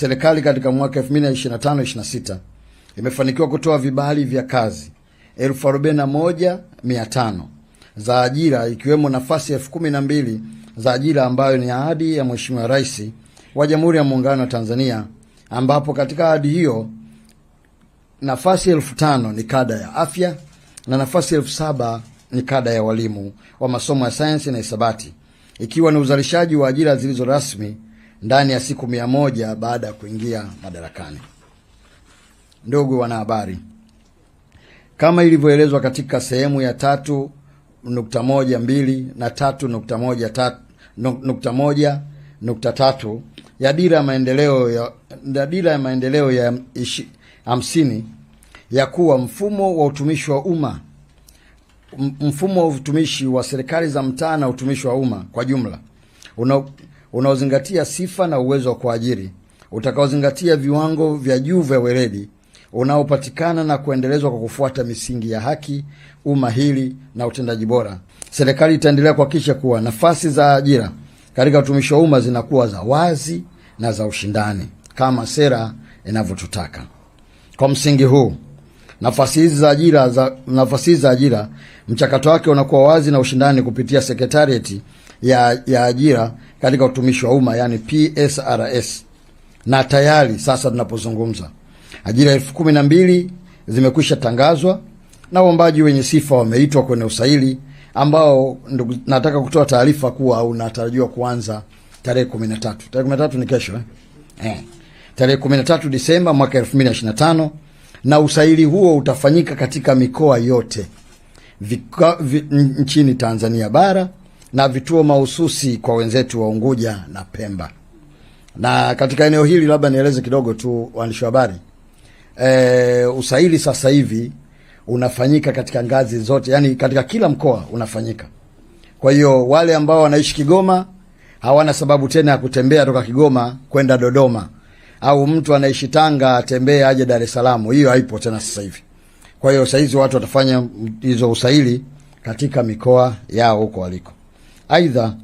Serikali katika mwaka 2025/26 imefanikiwa kutoa vibali vya kazi 41500 za ajira ikiwemo nafasi 12000 za ajira ambayo ni ahadi ya Mheshimiwa Rais wa Jamhuri ya Muungano wa Tanzania, ambapo katika ahadi hiyo nafasi 5000 ni kada ya afya na nafasi 7000 ni kada ya walimu wa masomo ya sayansi na hisabati, ikiwa ni uzalishaji wa ajira zilizo rasmi ndani ya siku mia moja baada ya kuingia madarakani. Ndugu wanahabari, kama ilivyoelezwa katika sehemu ya tatu nukta moja mbili na tatu nukta moja tatu nukta moja nukta tatu ya dira ya maendeleo ya, dira ya maendeleo ya hamsini ya kuwa mfumo wa utumishi wa umma mfumo wa utumishi wa serikali za mtaa na utumishi wa umma kwa jumla una unaozingatia sifa na uwezo wa kuajiri, utakaozingatia viwango vya juu vya weledi, unaopatikana na kuendelezwa kwa kufuata misingi ya haki, umahiri na utendaji bora. Serikali itaendelea kuhakikisha kuwa nafasi za ajira katika utumishi wa umma zinakuwa za wazi na za ushindani kama sera inavyotutaka. Kwa msingi huu, nafasi hizi za ajira za nafasi hizi za ajira mchakato wake unakuwa wazi na ushindani kupitia sekretarieti ya, ya ajira katika utumishi wa umma yani PSRS, na tayari sasa tunapozungumza ajira elfu kumi na mbili zimekwisha tangazwa na waombaji wenye sifa wameitwa kwenye usaili ambao ndugu, nataka kutoa taarifa kuwa unatarajiwa kuanza tarehe 13. Tarehe 13 ni kesho eh? Eh. Tarehe 13 Disemba mwaka 2025 na usaili huo utafanyika katika mikoa yote Vika, v, nchini Tanzania bara na vituo mahususi kwa wenzetu wa Unguja na Pemba. Na katika eneo hili labda nieleze kidogo tu waandishi wa habari e, usaili sasa hivi unafanyika katika ngazi zote, yani katika kila mkoa unafanyika. Kwa hiyo wale ambao wanaishi Kigoma hawana sababu tena ya kutembea toka Kigoma kwenda Dodoma, au mtu anaishi Tanga atembee aje Dar es Salaam. Hiyo haipo tena sasa hivi. Kwa hiyo saizi watu watafanya hizo usaili katika mikoa yao huko waliko. Aidha,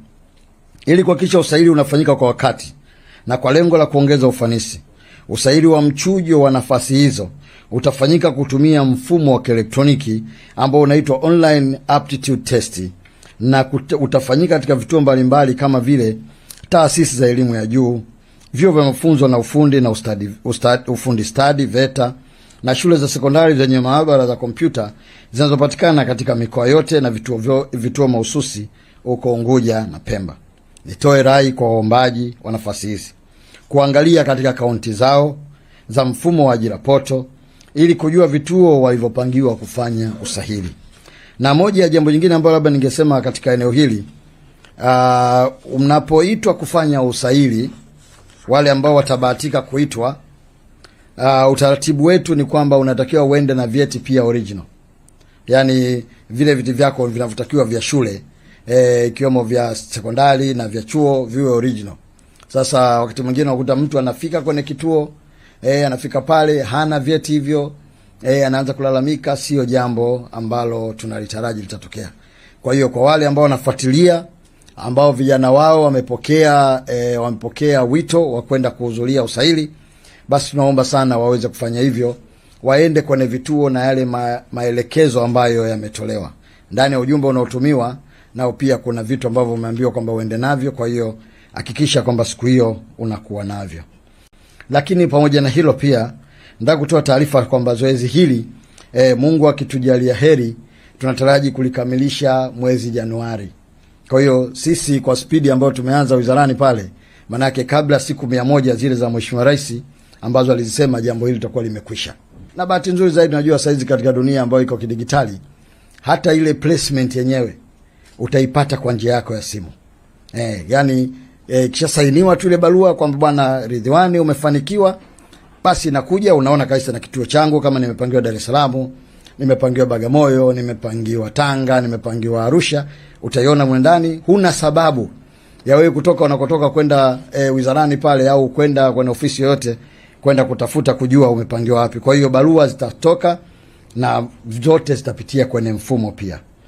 ili kuhakikisha usaili unafanyika kwa wakati na kwa lengo la kuongeza ufanisi, usaili wa mchujo wa nafasi hizo utafanyika kutumia mfumo wa kielektroniki ambao unaitwa online aptitude test na utafanyika katika vituo mbalimbali kama vile taasisi za elimu ya juu, vyuo vya mafunzo na ufundi na ustadi, ustadi, ufundi stadi VETA na shule za sekondari zenye maabara za kompyuta zinazopatikana katika mikoa yote na vituo, vituo mahususi huko Unguja na Pemba. Nitoe rai kwa waombaji wa nafasi hizi kuangalia katika kaunti zao za mfumo wa ajira poto ili kujua vituo walivyopangiwa kufanya usahili. Na moja ya jambo jingine ambalo labda ningesema katika eneo hili uh, mnapoitwa kufanya usahili, wale ambao watabahatika kuitwa uh, utaratibu wetu ni kwamba unatakiwa uende na vyeti pia original, yaani vile viti vyako vinavyotakiwa vya shule Eh, ikiwemo e, vya sekondari na vya chuo viwe original. Sasa wakati mwingine unakuta mtu anafika kwenye kituo e, anafika pale hana vyeti hivyo e, anaanza kulalamika, sio jambo ambalo tunalitaraji litatokea. Kwa hiyo kwa wale ambao wanafuatilia ambao vijana wao wamepokea e, wamepokea wito wa kwenda kuhudhuria usaili, basi tunaomba sana waweze kufanya hivyo, waende kwenye vituo na yale ma, maelekezo ambayo yametolewa ndani ya ujumbe unaotumiwa nao pia kuna vitu ambavyo umeambiwa kwamba uende navyo. Kwa hiyo hakikisha kwamba siku hiyo unakuwa navyo. Lakini pamoja na hilo pia nataka kutoa taarifa kwamba zoezi hili e, Mungu akitujalia heri tunataraji kulikamilisha mwezi Januari. Kwa hiyo sisi kwa spidi ambayo tumeanza wizarani pale, manake kabla siku mia moja zile za Mheshimiwa Rais ambazo alizisema jambo hili litakuwa limekwisha. Na bahati nzuri zaidi, najua saizi katika dunia ambayo iko kidigitali, hata ile placement yenyewe utaipata kwa njia yako ya simu eh, yani eh, kishasainiwa tu ile barua kwamba bwana Ridhiwani umefanikiwa, basi nakuja unaona kabisa na kituo changu, kama nimepangiwa Dar es Salaam, nimepangiwa Bagamoyo, nimepangiwa Tanga, nimepangiwa Arusha, utaiona mwe ndani. Huna sababu ya wewe kutoka unakotoka kwenda eh, wizarani pale au kwenda kwenye ofisi yoyote kwenda kutafuta kujua umepangiwa wapi. Kwa hiyo barua zitatoka na zote zitapitia kwenye mfumo pia.